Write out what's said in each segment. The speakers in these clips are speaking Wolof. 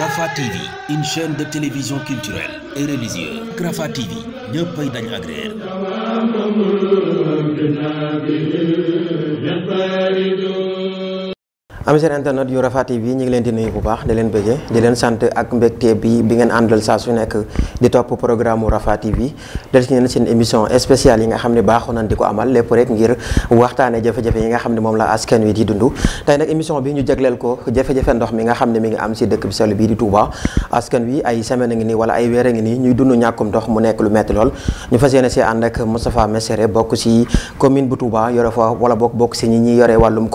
Rafah TV une de télévision culturelle et religieuse Rafah TV ñëppay dañ agréer am seen internet yu Rafah TV ñu ngi leen di nuyu bu baax di leen bëggee di leen sant ak mbégte bi bi ngeen àndal saa su nekk di topp programme mu Rafah TV dal ci ngeen seen émission spéciale yi nga xam ne baaxoon nañ di ko amal lépp rek ngir waxtaanee jafe-jafe yi nga xam ne moom la askan wi di dund tey nag émission bi ñu jagleel ko jafe-jafe ndox mi nga xam ne mi ngi am si dëkk bi sell bii di Touba askan wi ay semaine a ngi nii wala ay weer a ngi nii ñuy dund ñàkkum ndox mu nekk lu metti lool ñu fas yéene si ànd ak Moustapha Messere bokk si commune bu Touba yore fa bokk bokk si ñi ñi yore wàllum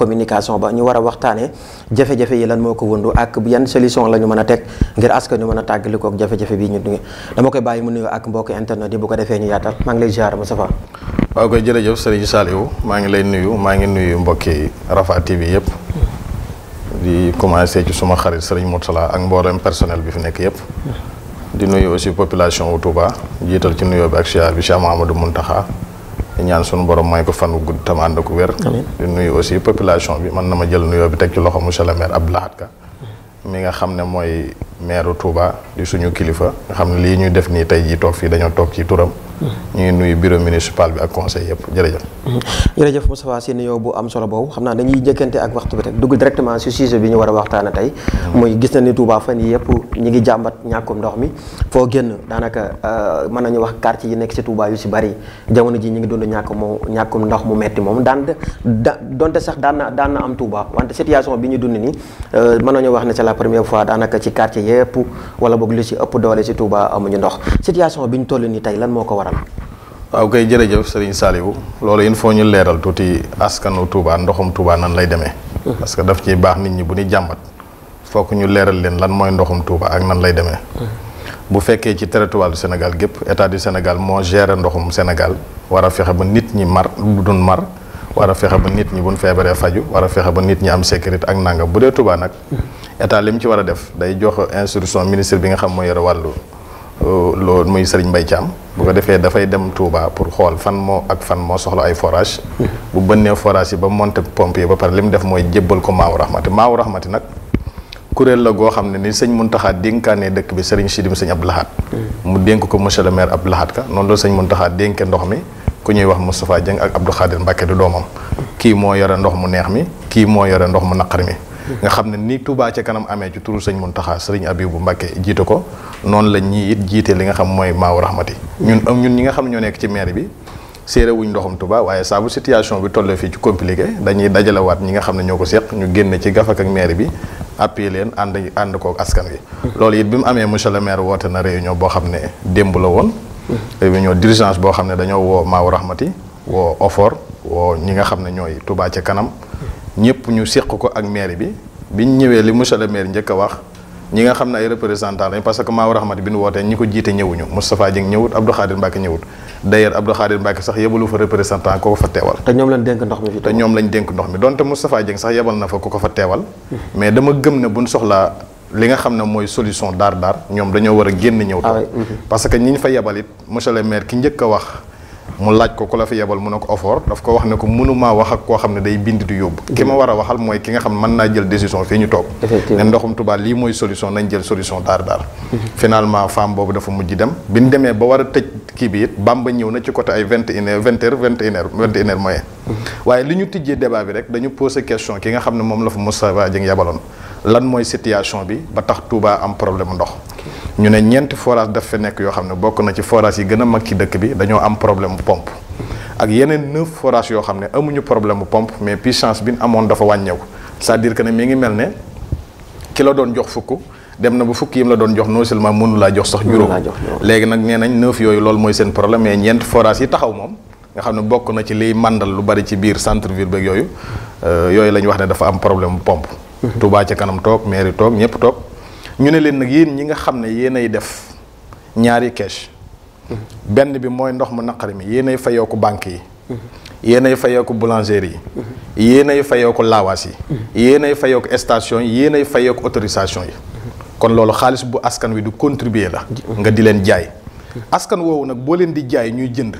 ba ñu war waxtaanee jafe-jafe yi lan moo ko wëndu ak yan solution la ñu mën a teg ngir askan ñu mën a tàggali kook jafe-jafe bii ñu dunge dama koy bàyyi mu nuyoo ak mbokk internet yi bu ko defee ñu yaatal maa ngi lay ziar Moustapha waaw koy jërëjëf Serigne Saliou maa ngi lay nuyu maa ngi nuyu mbokki Rafah TV yëpp di commencé ci suma xarit Serigne Moutala ak mboolem personnel bi fi nekk yëpp di nuyu aussi population wu Touba jiital ci nuyoo bi ak siyaar bi Cheikh mun Mountakha ñaan suñu borom may ko fan wu gudd tam ànd ko wér. nuyu aussi population bi man na ma jël nuyoo bi teg ci loxo monsieur le maire Abdou Lahad mi nga xam ne mooy maire Touba di suñu kilifa nga xam ne lii ñuy def nii tey jii toog fii dañoo toog ci turam. ñu ngi nuyu bureau municipal bi ak conseil yëpp jërëjëf. Mm-hmm. jërëjëf Moustapha Sène yow bu am solo boobu xam naa dañuy jëkkante waxtu bi rek dugg directement ci sujet bi ñu war a waxtaanee tey. Mm-hmm. na ni Touba fan yi yëpp ñu ngi jàmbat ñàkkum ndox mi foo génn daanaka euh, mën nañu wax quartier yi nekk ci Touba yu ci bari jamono ji ñu ngi dund ñàkk mu ñàkkum ndox mu metti moom daan da donte sax daan na daan na am Touba wante situation bi ñu dund nii euh, mën nañu wax ne c'est la première fois daanaka ci quartier yëpp wala boog lu ci ëpp doole ci Touba amuñu ndox situation bi ñu toll nii tey lan moo ko waral waaw kay jërëjëf Serigne Saliou loolu il faut ñu leeral tuuti askanu Touba ndoxum Touba nan lay demee. parce que daf ci baax nit ñi bu ñu jàmbat fokk ñu leeral leen lan mooy ndoxum Touba ak nan lay demee. bu fekkee ci territoire du Sénégal gépp état du Sénégal moo géré ndoxum Sénégal wara fexe ba nit ñi mar du dun mar. war fexe ba nit ñi buñ feebaree faju war a fexe ba nit ñi am sécurité ak nangam bu dee Touba nag état li mu ci war a def day jox instruction ministre bi nga xam moo yore wàllu Euh, loolu muy Serigne Mbaye Thiam bu ko defee dafay dem Touba pour xool fan moo ak fan moo soxla ay forage bu bënnee forage yi ba monté pompe yi ba pare li mu def mooy jébbal ko Maawu Rahmati Maawu Rahmati nag kuréel la goo xam ne ni sëñ mun taxaat dénkaanee dëkk bi Serigne Sidim sëñ Abdou Lahad mm. mu dénk ko monsieur le maire Abdou Lahad Ka noonu la sëñ Muntaxa dénkee ndox mi ku ñuy wax Moustapha Dieng ak Abdou Khadir Mbacke du doomam mm. kii moo yore ndox mu neex mi kii moo yore ndox mu naqar mi nga xam ne ni tubaa ce kanam amee ci turu sëñ Mountakha sëriñ bu Mbacké jiite ko noonu la ñii it jiite li nga xam mooy Maawu Rahmati ñun am ñun ñi nga xam ne ñoo nekk ci maire bi séeré wuñ ndoxum Touba waaye saa situation bi tollee fii ci compliqué dañuy dajalewaat ñi nga xam ne ñoo ko seq ñu génn ci gafak ak maire bi appuyé leen ànd ànd kook askan wi. loolu it bi mu amee monsieur le maire woote na réunion boo xam ne démb la woon. réunion d'urgence boo xam ne dañoo woo Maawu Rahmati woo OFOR ñi nga xam ne ñooy tubaa ca kanam ñëpp ñu seq ko ak maire bi bi ñu ñëwee li monsieur le maire njëkk a wax ñi nga xam ne ay représentant lañ parce que Maaw Rahmati bi ñu wootee ñi ko jiite ñëwuñu Moustapha Dieng ñëwut Abdou Khadir Mbacke ñëwut d'ailleurs Abdou Khadir Mbacke sax yebalu fa représentant ko ko fa teewal. te ñoom lañ dénk ndox mi fi ñoom lañ dénk ndox mi donte Moustapha Dieng sax yebal na fa ko ko fa teewal. mais dama gëm ne buñ soxla li nga xam ne mooy solution daar daar ñoom dañoo war a génn ñëw. Ah mhm. parce que ñi ñu fa yebal it monsieur le maire ki njëkk a wax mu laaj ko ku la fi yebal mu ne ko offort daf ko wax ne ko mënuma wax ak koo xam ne day bind di yóbbu ki ma mhm. war a waxal mooy ki nga xam ne mën naa jël décision fii ñu toog ne ndoxum Touba lii mooy solution nañ jël solution daar daar mhm. finalement femme boobu dafa mujj dem bi ñu demee ba war a tëj kii bi it Bamba ñëw na ci côté ay vingt et une heures vingt heures vingt et vingt et une heures mhm. waaye li ñu tijjee débat bi rek dañu posé question ki nga xam ne moom la fa Moustapha Dieng yebaloon lan mooy situation bi ba tax Touba am problème ndox ñu ne ñeenti forage daf fe nekk yoo xam ne bokk na ci forage yi gën a mag ci dëkk bi dañoo am problème mu pompe ak yeneen neuf forage yoo xam ne amuñu problème mu pompe mais puissance bi ñu amoon dafa wàññeeku c'est-à-dire que mi ngi mel ne ki doon jox fukk dem na ba fukk yim la doon jox non seulement mënu laa jox sax juróom léegi nag nee nañ neuf yooyu loolu mooy seen problème ñeent forage yi taxaw moom nga xam ne bokk na ci liy màndal lu bari ci biir centre ville beeg yooyu euh, yooyu la ñu wax ne dafa am problème mu pompe Touba ca kanam toog mairie toog ñëpp toog ñu ne leen nag yéen ñi nga xam ne ay def ñaari kees benn bi mooy ndox mu naqari mi ay fayoo ko banque yi yéenay fayoo ko boulangerie yi ay fayoo ko laawaas yi yéenay fayoo ko station yi yéenay fayoo ko autorisation yi kon loolu xaalis bu askan wi du contribuer la nga di leen jaay askan woowu nag boo leen di jaay ñuy jënd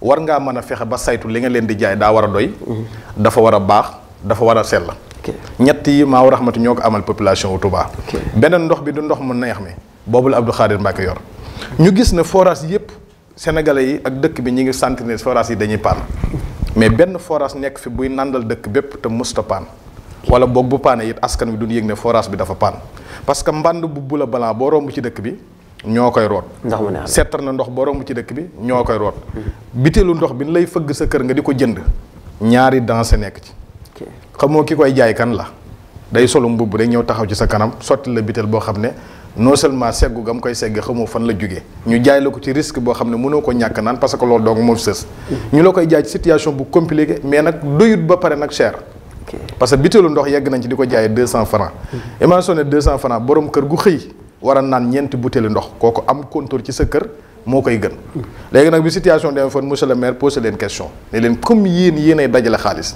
war ngaa mën a fexe ba saytu li nga leen di jaay daa war a doy dafa war a baax dafa war a set la ñett yi maaw raxmati ñoo ko amal population wu Touba. ndox bi du ndox mu neex mi boobu la Abdou Khadir Mbacke yor ñu gis ne forage yëpp sénégalais yi ak dëkk bi ñu ngi sant ne forage yi dañuy paan mais benn forage nekk fi buy nandal dëkk bépp te musta paan wala boog bu paane it askan wi du yëg ne forage bi dafa paan parce que mbànd bu bula balaa boo romb ci dëkk bi ñoo koy root seetar na ndox boo romb ci dëkk bi ñoo koy root mhm. biteelu ndox bi lay fëgg sa kër nga di ko jënd ñaari danse nekk ci xamoo ki koy jaay kan la day solu mbubb rek ñëw taxaw ci sa kanam sotti la bitel boo xam ne non seulement seggu gam koy segg xamoo fan la jógee ñu jaay la ko ci risque boo xam ne mënoo ko ñàkk naan parce que loolu doog moo sës ñu la koy jaay ci situation bu compliquée mais nag pare nag cher parce que bitelu ndox yegg nañ ci di ko jaayee deux cent francs mhm. imaginé deux cent borom kër gu xëy war a naan ñeenti butéeli ndox kooku am contrôle ci sa kër moo koy gën mhm. léegi nag bi situation demee fan monsieur le maire posé leen question ne leen dajale xaalis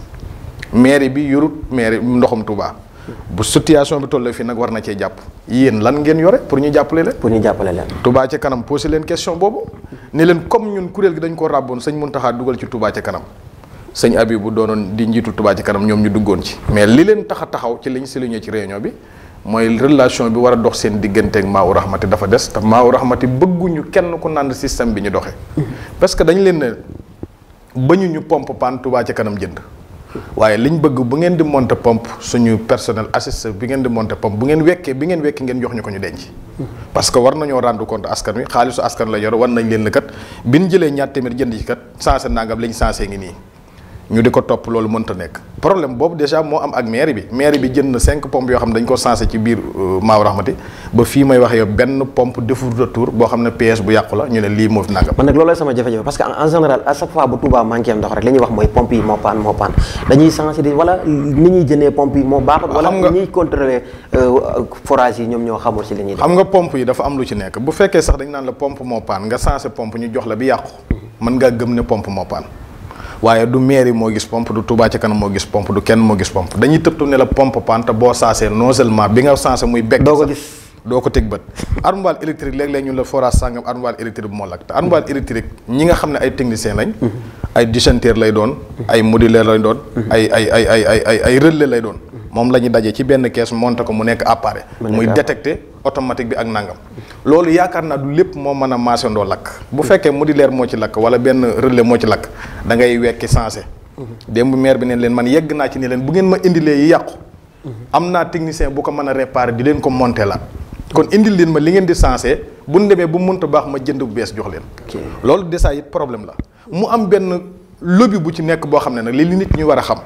mairie bi yorut mairie ndoxum tubaa bu situation bi tollee fii nag war na cee jàpp yéen lan ngeen yore pour ñu jàppale leen. pour ñu jàppale leen. Touba ca kanam posé leen question boobu. ne leen comme ñun kuréel gi dañ ko ràbboon sëñ Mountakha dugal ci Touba ci kanam sëñ abi bu doonoon di njiitu tubaa ci kanam ñoom ñu duggoon ci. mais li leen tax a taxaw ci liñ souligné ci réunion bi mooy relation bi war a dox seen maa Maawu Rahmati dafa des te Maawu Rahmati bëgguñu kenn ku nànd système bi ñu doxee. parce que dañ leen ne bañu ñu pompe kanam jënd. waaye liñ bëgg bu ngeen di monter pompe suñu personnel assisté bi ngeen di monter pompe bu ngeen wekkee bi ngeen wekki ngeen jox ñu ko ñu denc. parce que war nañoo rendre compte askan wi xaalisu askan la yor war nañ leen la kat bi ñu jëlee ñaar téeméer jënd ci kat sensé nangam liñ sensé ngi nii. ñu di ko topp loolu mënta nekk problème boobu déjà moo am ak mairie bi mairie bi jën na cinq pompes yoo xam ne dañ ko sensé ci biir euh, Maaw Rahmati ba fii may wax yow benn boo xam ne PS bu yàqu la ñu ne lii moo fi nangam. man nag loolooy sama jafe que en général à chaque fois bu Touba manqué ndox rek li ñuy wax mooy pompe yi moo paan moo paan euh, ñoom ñoo xamul ci li xam nga pompe yi dafa am lu ci nekk bu fekkee sax dañ naan la pompe moo paan nga sensé pompe ñu jox la bi yàqu mën ngaa gëm ne pomp moo waaye du mairie moo gis pompe du Touba ca kanam moo gis pompe du kenn moo gis pompe dañuy tëb ne la pompe pante boo saasee non seulement bi nga saase muy bekk doo ko gis doo ko teg bët armoire électrique léeg-léeg ñu la forage sàngam armoire électrique bu moo lakk te armoire électrique ñi nga xam ne ay technicien lañ mhm. ay disjoncteur lay doon ay modulaire lay doon mhm. ay ay ay ay ay ay relais lay doon moom la ñu daje ci benn kees monté ko mu nekk appareil muy détecté automatique bi ak nangam loolu yaakaar naa du lépp moo mën a maasandoo lakk bu fekkee modulaire moo ci lakk wala benn relais moo ci lakk da ngay wekki sensé mhm. démb maire bi neen leen man yegg naa ci ne leen bu ngeen ma indilee yi yàqu mhm. am naa technicien bu ko mën a réparer di leen ko monte la kon indil leen ma li ngeen di sensé bu ñu demee bu mënta baax ma jënd bu bees jox leen loolu déjà it problème la mu am benn lobby bu ci nekk boo xam ne nag li nit ñi war a xam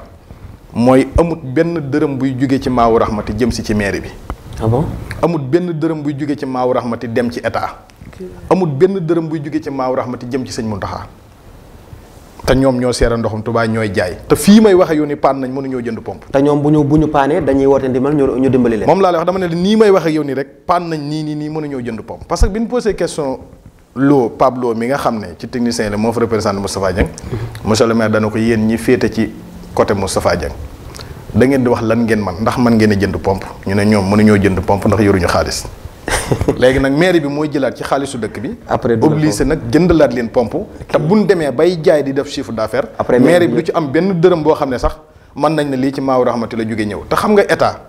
mooy amut benn dërëm buy jógee ci maawu raxmati jëm si ci mairie bi. ah bon amut benn dërëm buy jóge ci maawu raxmati dem ci état. amut benn dërëm buy jóge ci ci sëñ Muntaxa te ñoom ñoo seera ndoxum Tuubaa ñooy jaay te fii may waxe yow ni paan te ñoom bu ñu bu ñu paanee dañuy woote ndimbal ñu dimbali leen moom laa lay wax dama nii wax ak yow nii rek paan nañ nii nii nii mënuñoo jënd pompe parce que bi ñu posé question loo Pablo mi nga xam ne ci technicien la moo fa représenté Moustapha Dieng mhm. monsieur dana ko yéen ñi féete ci côté Moustapha Dieng da ngeen di wax lan ngeen man ndax man ngeen a jënd pompe ñu ne ñoom mënuñoo jënd pomp ndax yoruñu xaalis léegi nag mairie bi mooy jëlaat ci xaalisu dëkk bi. après obligé nag jëndalaat leen pomp te bu ñu demee bay jaay di def chiffre d'affaires. après mairie bi du ci am benn dërëm boo xam ne sax mën nañ ne lii ci maaw rahmati la jóge ñëw te xam nga état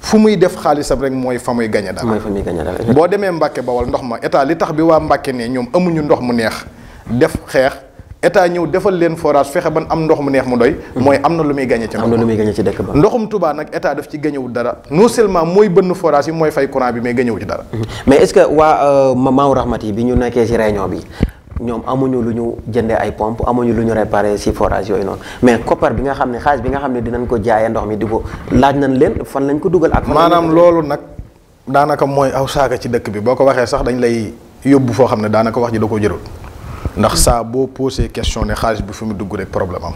fu muy def xaalisam rek mooy fa muy gañe daal. mooy fa muy gañe daal. boo demee Mbàkke Bawol ndox ma état li tax bi waa Mbàkke ne ñoom amuñu ndox mu neex def xeex. état ñëw defal leen forage fexe ban am ndox mu neex mu doy mhm. mooy am na lu may gagné ci am na lu muy gagné ci dëkk ba ndoxum Touba nag état daf ci gagnéwul dara non seulement mooy bënn forage mooy fay courant bi mais gagnéwu ci dara mhm. mais est-ce que waa euh, Maaw bi ñu nekkee ci réunion bi ñoom amuñu lu ñu jëndee ay pompe amuñu lu ñu réparé ci forage yooyu noonu mais koppar bi nga xam ne xaalis bi nga xam ne dinañ ko jaayee ndox mi di ko laaj nañ leen fan lañ ko dugal ak maanaam loolu nag daanaka mooy aw saaga ci dëkk bi boo ko waxee sax dañ lay yóbbu foo xam ne daanaka wax ji da koo jërul ndax saa boo posé question ne xaalis bi fi mu dugg rek problème am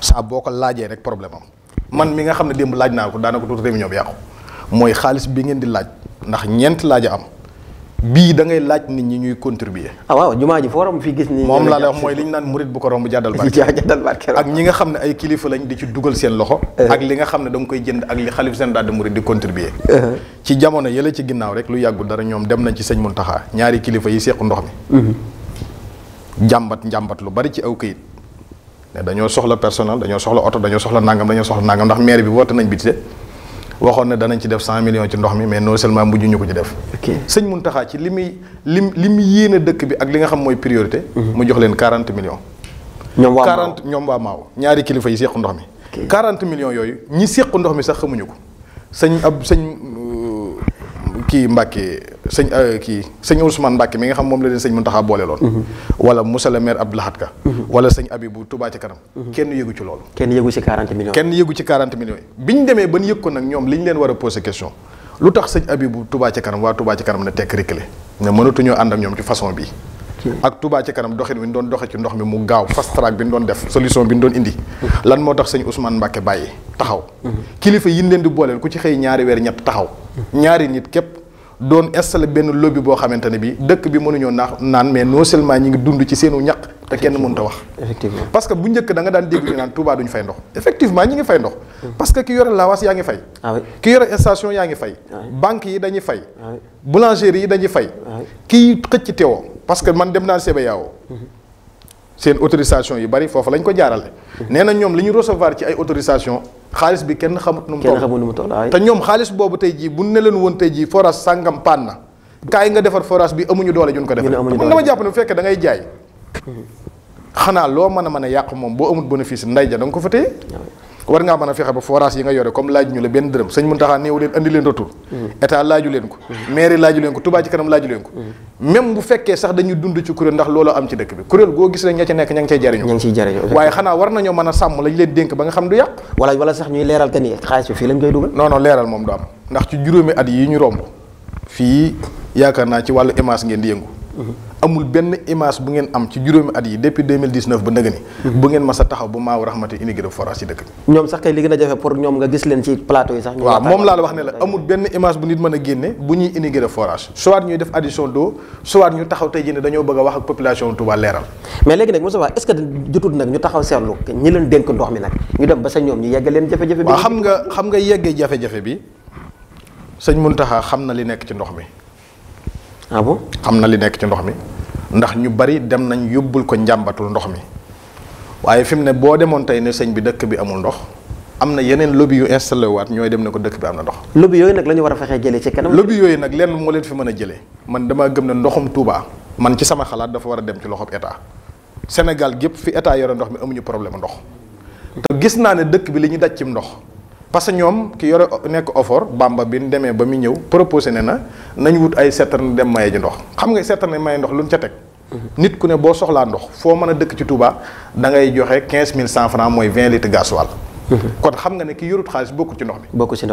saa boo ko laajee rek problème am man mi nga xam ne démb laaj naa ko daanaka tuuti réunion bi yàqu mooy xaalis bi ngeen di laaj ndax ñeent laaj a am bii da ngay laaj nit ñi ñuy contribuer. ah waaw jumaa ji forum fi gis. ni moom la mooy li ñu naan murit bu ko romb jàddal barke ak nga xam ne ay kilifa lañ di ci dugal seen loxo. Eh. ak li nga xam ne da koy jënd ak li xalif seen daal di murit di contribuer. Eh. ci jamono yële ci ginnaaw rek lu yàggul dara ñoom dem nañ ci mun Muntaxa ñaari kilifa yi seq ndox mi. Mm-hmm. jàmbat njàmbat lu bari ci aw këyit ne dañoo soxla personnel dañoo soxla oto dañoo soxla nangam dañoo soxla nangam ndax maire bi woote nañ bitite waxoon ne danañ ci def cent millions ci ndox mi mais non seulement mujj ñu ko ci def. sëñ Mountakha ci li muy lim li mu yéene dëkk bi ak li nga xam mooy priorité. Mhm. mu jox leen quarante million ñoom waa Maaw ñoom waa ñaari kilifa yi seq ndox mi. 40 million yooyu ñi seq ndox mi sax xamuñu ko sëñ ab sëñ euh, kii Mbacke sëñ euh, kii sëñ Ousmane Mbacke mi nga xam moom la leen sëñ Mountakha boole loon mhm. wala Moussa le maire Abdou Lahad Ka mhm. wala sëñ Abibou Touba ci kanam mhm. kenn yëgu ci loolu kenn yëgu ci 40 millions kenn yëgu ci 40 millions bi ñu ko nag ñoom li leen war a posé question lu tax sëñ Abibou Touba ci kanam waa Touba ci kanam ne tekk réclé ne mënatuñoo ànd ak ñoom ci façon bii ak Touba ci kanam doxin wi ñu doon doxe ci ndox mi mu gaaw fast track bi ñu doon def solution bi ñu doon indi lan moo tax sëñ Ousmane Mbacke bàyyi taxaw kilifa yi ñu leen di booleel ku ci xëy ñaari weer ñett taxaw ñaari nit képp doon installé benn lobby boo xamante ne bi dëkk bi mënuñoo naax naan mais non seulement ñi ngi dund ci seenu ñaq te kenn mënut a wax effectivement parce que bu njëkk da nga daan dégg ñu naan Touba duñ fay ndox effectivement ñi ngi fay ndox mm. parce que ki yore laawaas yaa ngi fay ah ki yore station yaa ngi fay ah banque yi dañuy fay ah boulangerie yi dañuy fay kii xëcc teewoo parce que man dem naa Sébé yaawoo mm-hmm. seen autorisation yi bari foofu lañ ko jaarale. nee na ñoom li ñu recevoir ci ay autorisation xaalis bi kenn xamut nu mu. kenn xamut nu mu te ñoom xaalis boobu tey jii bu ne leen woon tey jii forage sàngam paan na kaay nga defar forage bi amuñu doole juñ ko defee. amuñu doole dama jàpp ne bu fekkee da jaay. Mm-hmm. xanaa loo mën a mën a yàq moom boo amul bénéfice nday ja da nga ko fa téye ah war ngaa mën a fexe ba forage yi nga yore comme laaj ñu la benn dërëm sëñ Muntaxa néew leen andi leen retour état laaju leen ko mairie laaju leen ko Touba ci kanam laaju leen ko même bu fekkee sax dañuy dund ci kuréel ndax loolu am ci dëkk bi kuréel goo gis rek ña ca nekk ña ngi cay jariñu ña ngi ciy jariñu waaye xanaa war nañoo mën a sàmm lañ leen dénk ba nga xam du yàq wala wala sax ñuy leeral que ni xaalis bi fii lañ koy dugal non leeral moom du am ndax ci at yi ñu romb fii yaakaar naa ci wàllu image ngeen di yëngu amul benn image bu ngeen am ci juróomi at yi depuis 2019 ba nëgëni mhm. bu ngeen mas a taxaw ba maaw raxmati immigré forage ci dëkk bi ñoom sax kay li gën a jafe pour ñoom nga gis leen ci plateau yi sax waaw ne la amul benn a génne bu ñuy def addition d'eau soit ñu taxaw tey jii dañoo bëgg a wax ak population Touba leeral mais léegi nag Moussa est-ce que jotul nag ñu taxaw seetlu ñi leen dénk ndox mi nag ñu dem ba sa ñoom ñu yegg leen jafe-jafe bi waaw xam nga xam nga yeggee jafe bi sëñ Muntaxa xam na li nekk ci ndox mi ah bon xam na li nekk ci ndox mi ndax ñu bari dem nañ yóbbul ko njàmbatul ndox mi waaye fi mu ne boo demoon tey ne sëñ bi dëkk bi amul ndox am na yeneen lobby yu installé waat ñooy dem ne ko dëkk bi am na ndox. lobby yooyu nag la war a fexee jëlee ci kanam. lobby yooyu nag lenn moo leen fi mën a jëlee man damaa gëm ne ndoxum Touba man ci sama xalaat dafa war a dem ci loxob état Sénégal gépp fi état yore ndox mi amuñu problème ndox te gis naa ne dëkk bi li ñu daj ci ndox parce que ñoom ki yore nekk offort bamba bi ñu demee ba mu ñëw proposé ne na nañu wut ay citerne dem maye ji ndox xam nga citerne maye ndox lu ñu ca teg. nit ku ne boo soxlaa ndox foo mën a dëkk ci Touba da ngay joxe quinze mille cent franc mooy vingt litres gasoil kon xam nga ne ki yorut xaalis bokku ci ndox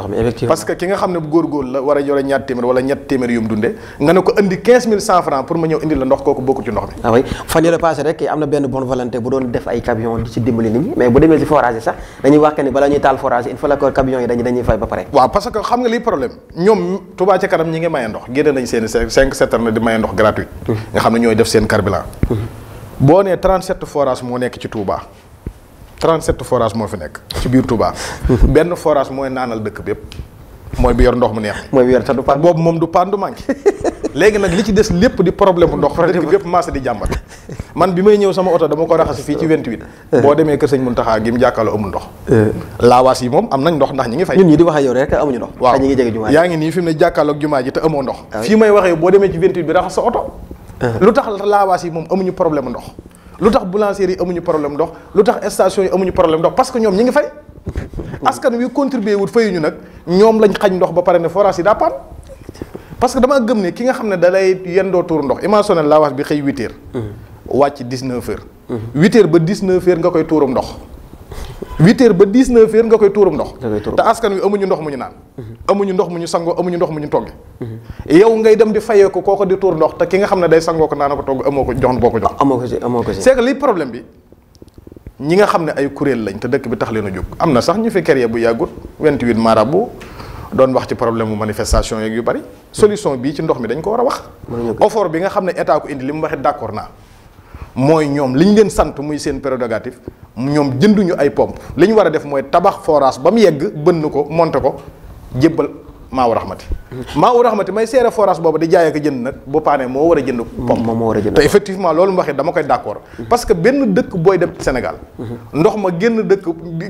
mi parce que ki nga xam ne góorgóorlu la war a yore ñaar téeméer wala ñett téeméer yu mu nga ne ko indi 15000 cent francs pour ma ñëw indi la ndox kooku bokku ci ndox mi ah waaw parce que xam nga liy problème ñoom Touba ca kanam ñi ngi maye ndox génne nañ seen cinq sept na di maye ndox gratuit nga xam ne ñooy def seen carburant boo nee 37 forage moo nekk ci Touba 37 forage moo fi nekk ci biir Touba. benn forage mooy naanal dëkk bépp mooy bi yor ndox mu neex. mooy bi yor te du paan boobu moom du paan du manqué. léegi nag li ci des lépp di problème bu ndox. dëkk bépp maase di jàmbat. man bi may ñëw sama oto dama ko raxas fii ci 28. Eh. boo demee Kër Sëñ Muntaxa gi mu jàkkaarloo amul ndox. Eh. laawaas yi moom am nañ ndox ndax ñi ngi fay. ñun wax ak yow rek amuñu ndox. waaw ngi jege jumaa ji yaa ngi nii fi mu ne jàkkaarloog jumaa ji te amoo ndox. Ah fii may waxee boo demee ci 28 bi raxas sa oto. Eh. lu tax laawaas yi moom amuñu problème ndox lu tax boulangerie yi amuñu problème ndox lu tax estation yi amuñu problème ndox parce que ñoom ñi ngi fay askan wi contribué wut fayuñu nag ñoom lañ xaj ndox ba pare ne forage yi daa paan parce que dama gëm ne ki nga xam ne da lay yendoo tuur ndox émission laa bi xëy 8h. wàcc 19h. 8h mm-hmm. ba 19h nga koy tuurum ndox. huit ba dix neuf nga koy tuuram ndox te askan wi amuñu ndox mu ñu naan mhm. amuñu ndox mu ñu sangoo amuñu ndox mu ñu togge mhm. yow ngay dem di fayee ko kooko di tuur ndox te ki nga xam ne day sangoo ko naan ko togg amoo ko jox boo ko jox amoo ko ci amoo ko ci c'est que li problème bi ñi nga xam ne ay kuréel lañ te dëkk bi tax leen a jóg am na sax ñu fi créé bu yàggut 28 marabu doon wax ci problème mu manifestation yeeg yu bari solution bii ci ndox mi dañ ko war a wax offort bi nga xam ne état ko indi li mu waxee d'accord naa mooy ñoom li ñu leen sant muy seen prérogative ñoom jënduñu ay pompe li ñu war a def mooy tabax forage ba mu yegg bënn ko monte ko jébbal maawu raxmati maawu raxmati may seere forage boobu di jaay ak jënd nag bu paanee moo war a jënd pompe moo war a jënd te effectivement loolu mu waxee dama koy d'accord parce que benn dëkk booy dem Sénégal ndox ma génn dëkk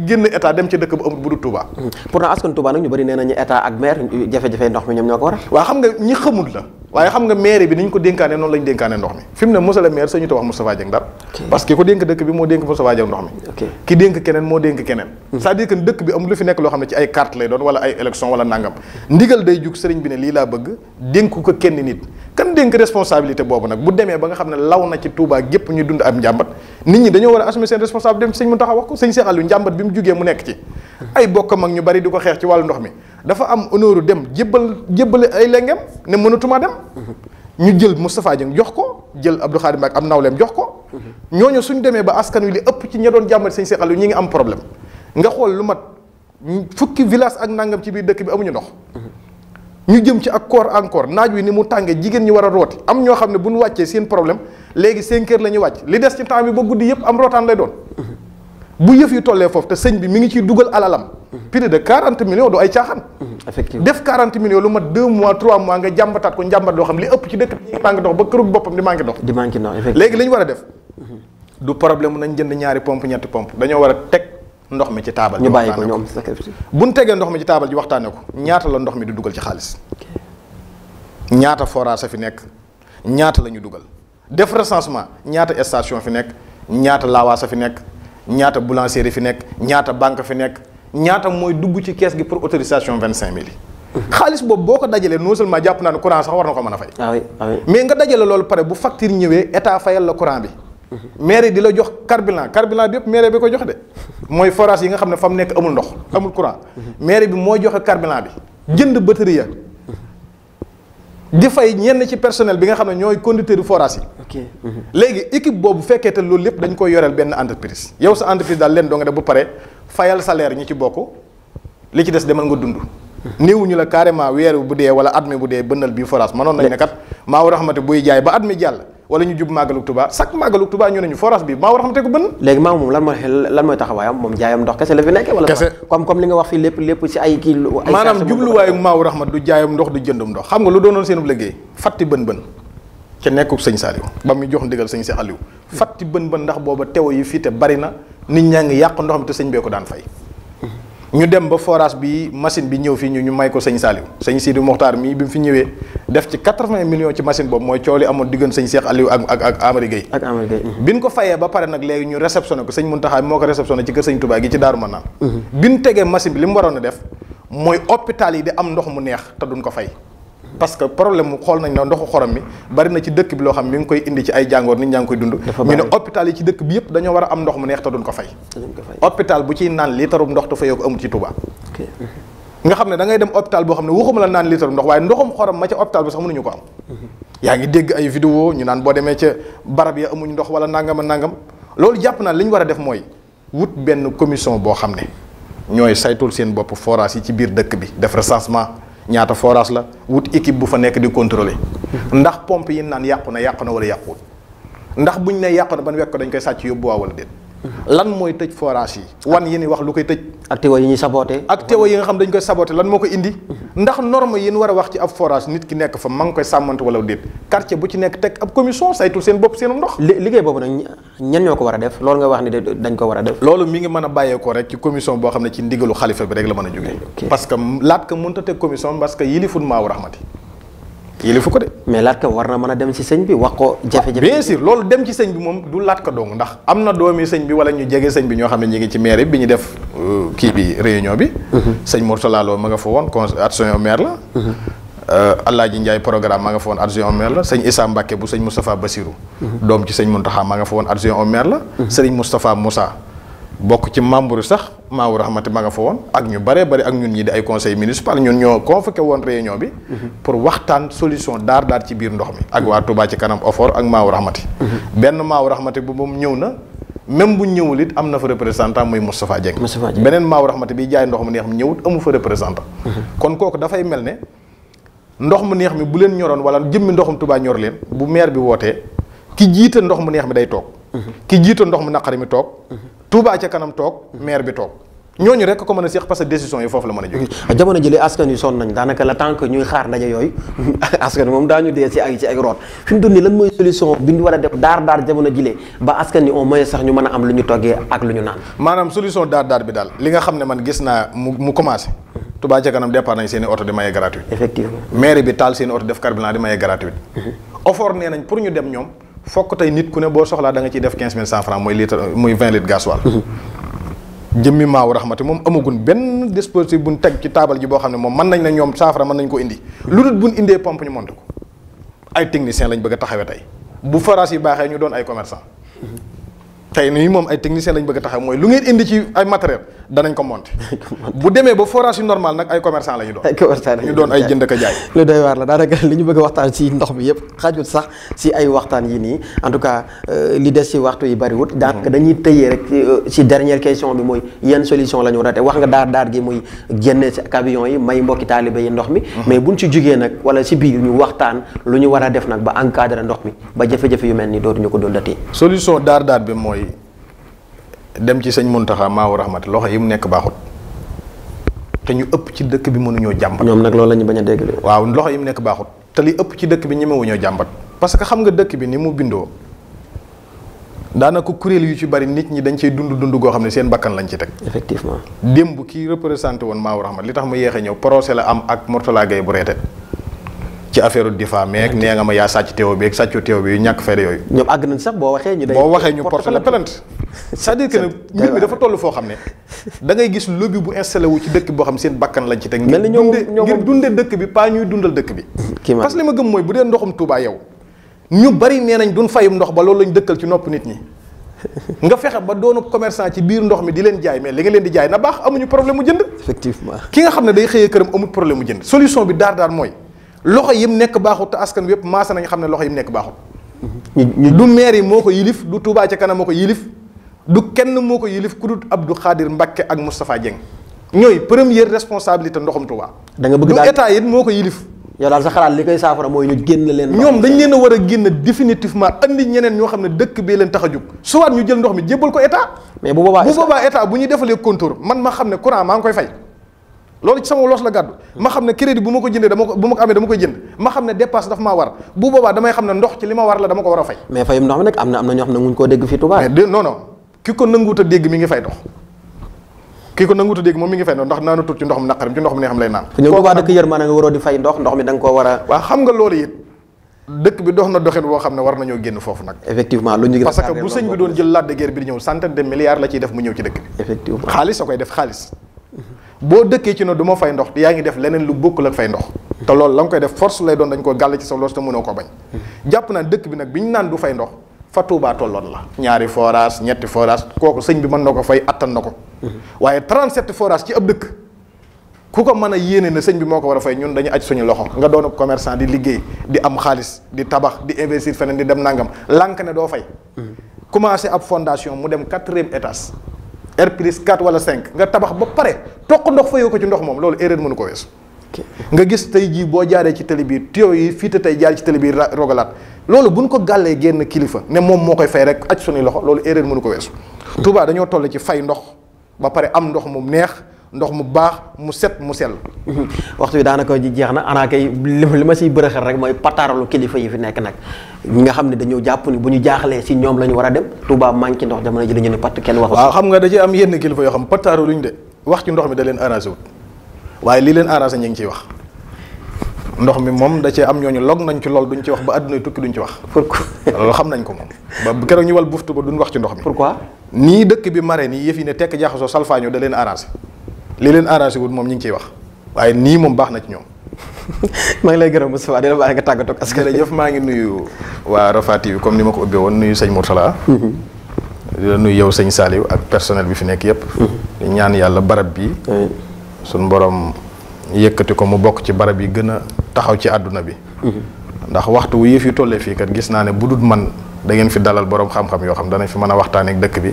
génn état dem ci dëkk bu amul bu du Touba pourtant askan Touba nag ñu bari nee nañu état ak maire jafe-jafe ndox mi ñoom ñoo ko waral waaw xam nga ñi xamul waaye xam nga maire bi ni ñu ko dénkaane noonu la ñu dénkaane ndox mi fi mu ne monsieur le maire sañu ta wax Moustapha Dieng dara parce que ko dénk dëkk bi moo dénk Moustapha ndox mi ki dénk keneen moo dénk keneen hmm. cest dire que dëkk bi amul kenn nit kan dénk responsabilité boobu nag bu demee ba nga xam ne law na ci Touba gépp ñu dund am njàmbat nit ñi dañoo war a assumer seen responsable taxaw wax ko bi mu jugee mu nekk ci hmm. ay bokkam ak ñu bari di ko xeex ci wàll ndox mi dafa am honneur dem jébbal jébbale ay lengem ne mënatuma dem ñu jël Moustapha Dieng jox ko jël Abdou Khadim ak am nawleem jox ko ñoo ñu suñ demee ba askan wi li ëpp ci ña doon jàmbat sëñ Cheikh Aliou ñu ngi am problème nga xool lu mat fukki village ak nangam ci biir dëkk bi amuñu ndox ñu jëm ci ak koor encore naaj wi ni mu tàngee jigéen ñi war a rooti am ñoo xam ne bu ñu wàccee seen problème léegi 5 heures la wàcc li des ci temps bi ba guddi yëpp am rootaan lay doon bu yëf yu tollee foofu te señ bi mi ngi ciy dugal alalam. Mm-hmm. plus de 40 millions doo ay caaxaan. Mm-hmm. effectivement def 40 millions lu ma 2 mois 3 mois nga jàmbataat ko njàmbat doo xam li ëpp ci dëkk bi maa ngi dox ba kërug boppam di maa ngi dox. di maa ngi dox léegi li war a def. Mm-hmm. du problème nañ jënd ñaari pompe ñetti pompe dañoo war a teg ndox mi ci taabal. ñu bàyyi ko ñoom bu ñu tegee ndox mi ci taabal ji waxtaanee ko ñaata la ndox mi di dugal ci xaalis. ñaata forage fi nekk ñaata la ñu dugal def recensement ñaata station fi nekk ñaata laawaasa fi nekk ñaata boulangerie fi nekk ñaata banque fi nekk ñaata mooy dugg ci kees gi pour autorisation vingt cinq mille yi xaalis boobu boo ko dajalee non seulement jàpp naa ne courant sax war na ko mën a fay ah ah mais nga dajale loolu pare bu facture ñëwee état fayal la courant bi maire di la jox carburant carburant bi yëpp maire bi ko jox de mooy forage yi nga xam ne fa mu nekk amul ndox amul courant maire bi moo joxe carburant bi jënd baterie ya di fay ñenn ci personnel bi nga xam ne ñooy conducteur du forage yi. Mhm. léegi équipe boobu fekkee te loolu yépp dañ koy yoreel benn entreprise. yow sa entreprise daal leen doo nga def bu pare fayal salaire ñi ci bokk li ci des demal nga dund. Mhm. néewuñu la carrément weer bu dee wala at mi bu dee bënnal bii forage manoon nañ ne kat maa wu raxmati buy jaay ba at mi jàll. wala ñu jub màggalu Touba chaque màggalu Touba ñu ne ñu forage bi maa war a xamante ko bënn léegi maam moom lan mooy lan mooy taxawaayam moom jaayam ndox kese la fi nekkee wala comme comme li nga wax fii lépp lépp ci ay kii maanaam jubluwaayu maawu raxmat du jaayam ndox du jëndum ndox xam nga lu doonoon seen liggéey fatti bën bën ca nekkub sëñ Saliou ba mu jox ndigal sëñ si Aliou fatti bën bën ndax booba tew yi fii te bari na nit ñaa ngi yàq ndox mi te sëñ bee ko daan fay ñu dem ba forage bi machine bi ñëw fii ñu ñu may ko sëñ Saliou sëñ Sidi Mokhtar mii bi mu fi ñëwee def ci 80 millions ci machine boobu mooy coow li amoon diggante sëñ Cheikh Aliou ak ak ak Amary bi ñu ko fayee ba pare nag léegi ñu réceptionné ko sëñ Mountakha moo ko réceptionné ci kër sëñ Touba gi ci Daaru Manaan mhm. bi nu tegee machine bi li mu waroon a def mooy hôpital yi di am ndox mu neex te duñ ko fay parce que problème mu xool nañ ne ndoxu xorom mi bari na ci dëkk bi loo xam mi ngi koy indi ci ay jàngoor nit ñaa ngi koy dund ñu ne hôpital yi ci dëkk bi yëpp dañoo war a am ndox mu neex te duñ ko fay hôpital bu ciy naan liitarum ndox te fayoo ko amul ci Touba nga xam ne da ngay dem hôpital boo xam ne waxuma la naan liitarum ndox waaye ndoxum xorom ma ca hôpital ba sax ko mhm. yaa ngi dégg ay vidéo ñu naan boo demee ca barab ya amuñ ndox wala nangam a nangam loolu jàpp naa li ñu war a def mooy wut benn commission boo xam ne ñooy saytul seen bopp forage yi ci biir dëkk bi def recensement ñaata forage la wut équipe bu fa nekk di contrôler ndax pompe yi naan yàqu na yàqu na wala yàquwul ndax bu ñu ne yàqu na ba ban wekk ko dañ koy sàcc yóbbu waa wala déet lan mooy tëj forage yi wan yi ni wax lu koy tëj ak tewa yi ñuy saboté ak tewa yi nga xam dañ koy saboté lan moo ko indi ndax norme yi ñu war a wax ci ab forage nit ki nekk fa ma ngi koy sàmmante wala déet quartier bu ci nekk teg ab commission saytul seen bopp seen ndox liggéey boobu nag ñen ñoo ko war a def loolu nga wax ni dañ ko war a def loolu mi ngi mën a bàyyeekoo rek ci commission boo xam ne ci ndigalu xalifa bi rek la mën a jógee yilifu ko de mais laat ka war na mën a dem ci sëñ bi wax ko jafe-jafe bien sûr loolu dem ci sëñ bi moom du laat ka dong ndax am na doomi sëñ bi wala ñu jege sëñ bi ñoo xam ne ñu ngi ci maire bi ñu def euh, kii bi réunion bi mhm. sëñ Mourtala ma nga fa woon con adjoint au maire la mhm. euh, Alaaji Njaay programme maa nga fa woon adjoint au maire la sëñ Issa Mbàkke bu sëñ Moustapha Bassirou mhm. doom ci sëñ Muntaxa maa nga fa woon adjoint au maire la sëriñ Moustapha musa bokk ci membre sax maawu rahmati ma nga fa woon ak ñu bëree bëri ak ñun ñi di ay conseil municipal ñun ñoo convoqué woon réunion bi pour waxtaan solution daar daar ci biir ndox mi ak waa Touba ci kanam ofor ak maawu rahmati benn maawu rahmati bu moom ñëw na même bu ñëwul it am na fa représentant muy Moustapha Dieng beneen maawu rahmati bi jaay ndox mu neex mi ñëwut amu fa représentant kon kooku dafay mel ne ndox mu neex mi bu leen ñoroon wala jëmmi ndoxum Touba ñor leen bu maire bi wootee ki jiite ndox mu neex mi day toog mhm. ki jiita ndox mu naqar mi toog Touba ca kanam toog maire bi toog ñooñu rek ko mën a seex parce que décision yi foofu la mën a jóge ah, jamono jëlee askan yu sonn nañ daanaka la tant ñuy xaar ndaje yooyu askan moom daañu dee ci ay ci ay root fi mu nii lan mooy solution bi ñu war a def daar daar jamono jëlee ba askan yi au moins sax ñu mën a am lu ñu toggee ak lu ñu naan maanaam solution daar daar bi daal li nga xam ne man gis naa mu mu commencé Touba ca kanam départ nañ seen i oto di maye gratuit effectivement mairie bi taal seen i oto def carburant di maye gratuit mhm. offort nee jëmmi maaw raxmati moom amagun benn dispositif buñ teg ci taabal ji boo xam ne moom mën nañ ne ñoom saafara mën nañ ko indi lu dul buñ indee pompe ñu monte ko ay technicien lañ bëgg a taxawee tey bu forage yu baaxee ñu doon ay commerçant tey nii moom ay technicien lañ bëgg a taxaw mooy lu ngeen indi ci ay matériel danañ ko monter bu demee ba forage yu normal nag ay commerçant la ñu doon. ay commerçant ñu doon ay jënd ko jaay. lu doy waar la daanaka li ñu bëgg a waxtaan ci ndox mi yëpp xaajut sax si ay waxtaan yi nii en tout cas euh, li des si waxtu yi bariwut. daanaka mhm. dañuy tëyee rek euh, ci dernière question bi mooy yan solution la ñu rate wax nga daar daar gi muy génne ci camion yi may mbokki taalibe yi ndox mi. Mhm. mais bu buñ ci jugee nag wala ci biir ñu waxtaan lu ñu war a def nag ba encadrer ndox mi ba jafe yu mel nii dootuñu ko doon datee. solution daar daar bi mooy. dem ci sëñ Muntaxa maawu rahmat loxo yi mu nekk baaxut te ñu ëpp ci dëkk bi mënuñoo jàmbat. ñoom nag lool la ñu bañ a dégg. waaw loxo yi mu nekk baaxut te li ëpp ci dëkk bi ñemewuñoo jàmbat. parce que xam nga dëkk bi ni mu bindoo daanaka kuréel yu ci bari nit ñi dañ cee dund dund goo xam ne seen bakkan lañ ci teg. effectivement démb kii représenté woon maawu rahmat li tax mu yéex a ñëw procès la am ak Mourtala Gueye bu reete ci affaire diffamé nee nga ma yaa sàcc teew bi ak sàccu teew bi yu ñàkk fere yooyu. ñoom àgg nañ sax boo waxee ñu. day boo waxee ñu porte la foo xam ne da ngay gis bu installé wu ci dëkk boo xam seen bakkan lañ ci teg. mel ngir dundee dëkk bi pas ñuy dundal dëkk bi. parce que li ma gëm mooy bu dee ndoxum Touba ñu bari nee nañ duñ fayum ndox ba loolu lañ dëkkal ci nopp nit ñi nga fexe ba doonu commerçant ci biir ndox mi leen jaay mais leen di jaay na baax amuñu problème mu jënd. effectivement ki nga ne day xëyee këram amut mu jënd solution bi daar daar mooy loxo yim nekk baaxut te askan yëpp maasa nañ xam ne loxo yim nekk baaxut. du maire moo ko yilif du Touba ci kanam ko yilif du kenn moo ko yilif ku dul Abdou Khadir Mbacké ak Moustapha Dieng ñooy première responsabilité ndoxum Touba. da nga bëgg daal du état it moo ko yilif. yow daal sa xalaat li koy saafara mooy ñu génn leen. ñoom dañ leen war a génn définitivement andi ñeneen ñoo xam ne dëkk bee leen tax a jóg soit ñu jël ndox mi jébbal ko état. mais bu boobaa état bu boobaa bu ñu defalee contour man ma xam ne courant maa ngi koy fay. loolu ci sama loos xam ne crédit bu ma ko jëndee dama ko bu ma ko amee dama koy jënd ma ci li a fay mais fayum a dégg mi ngi a a waaw xam nga loolu it dëkk war nañoo génn foofu nag effectivement bu sëñ bi doon jël laajde guerre bi ñëw centaine de milliards la ciy def mu ñëw ci dëkk bi effectivement xaalis a koy def xaalis boo dëkkee ci ne du fay ndox yaa ngi def leneen lu bokkul ak fay ndox te loolu la nga koy def force lay doon dañ ko gàll ci sa loos te mënoo ko bañ jàpp naa dëkk bi nag bi ñu naan du fay ndox fa Touba tolloon la ñaari forage ñetti forage kooku sëñ bi mën na ko fay attan na ko waaye 37 forage ci ab dëkk ku ko mën a yéene na sëñ bi moo ko war a fay ñun dañu aj suñu loxo nga doon commerçant di liggéey di am xaalis di tabax di investir feneen di dem nangam lànk ne doo fay hmm. commencé ab fondation mu dem quatrième étage R plus 4 wala 5 nga tabax ba pare toq ndox fayoo ko ci ndox moom loolu erreur mënu ko weesu. nga gis tey jii boo jaaree ci télé bi tuyau yi fii te tey jaar ci télé bii rogalaat loolu bu ñu ko gàllee génn kilifa ne moom moo koy fay rek aj suñuy loxo loolu erreur mënu ko weesu. Touba dañoo toll ci fay ndox ba pare am ndox moom neex. ndox mu baax mu set mu sel waxtu bi daanaka jeex na ana kay li ma siy bërëxal rek mooy pataaralu kilifa yi fi nekk nag ñi nga xam ne dañoo jàpp ni bu ñu jaaxlee si ñoom lañu ñu war a dem tubaab manqué ndox jamono ji la ñu ne patt kenn wax. waaw xam nga da ci am yenn kilifa yoo xam pataaru luñ de wax ci ndox mi leen arrangé wut ngi ciy wax. ndox mi moom da cee ñooñu log nañ ci lool duñ ci wax ba àdduna tukki duñ ci wax. pourquoi loolu xam nañ ko moom. ba ñu wal buftu ba duñ wax ci ndox mi. pourquoi nii dëkk bi mare nii yëf yi ne tekk jaaxasoo salfaañoo da leen arrangé. li leen arrangé wut moom ñu ngi ciy wax waaye nii moom baax na ci ñoom. maa ngi lay gërëm Moustapha di la baax nga tàggatoo ak askan jërëjëf maa ngi nuyu waa Rafah TV comme ni ma ko ubbee woon nuyu sëñ Mourtala. Mm-hmm. di la nuyu yow sëñ saaliw ak personnel bi fi nekk yëpp. Mm-hmm. di ñaan yàlla barab bi suñ boroom yëkkati ko mu bokk ci barab yi gën a taxaw ci àdduna bi. Mm-hmm. ndax waxtu wu yëf yu tollee fii kat gis naa ne bu dul man. dangeen fi dalal borom xam-xam yoo xam danañ fi mën a waxtaanee ak dëkk bi.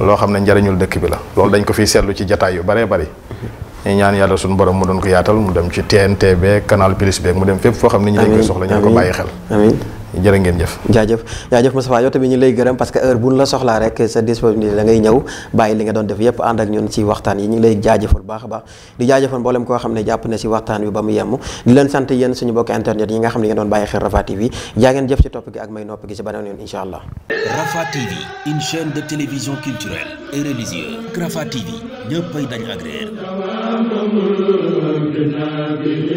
loo xam ne njariñul dëkk bi la. lool dañ ko fiy seetlu ci jataay yu baree bari. Mhm. ñu ñaan yàlla suñu borom mu doon ko yaatal mu dem ci TNT beeg Canal Plus beeg mu dem fépp foo xam ne ñu dañ koy soxla ñu ko bàyyi xel. jërë ngeen jëf jaajëf jaajëf Moustapha yow tamit ñu lay gërëm parce que heure buñ la soxlaa rek sa disponibilité da ñëw bàyyi li nga doon def yépp ànd ak ñun ci waxtaan yi ñu lay jaajëfal baax a baax di jaajëfal mboolem koo xam ne jàpp na ci waxtaan bi ba mu yemm di leen sant yéen suñu bokk internet yi nga xam ne ngeen doon bàyyi xel Rafah TV jaa ngeen jëf ci topp gi ak may nopp gi ci beneen yoon incha allah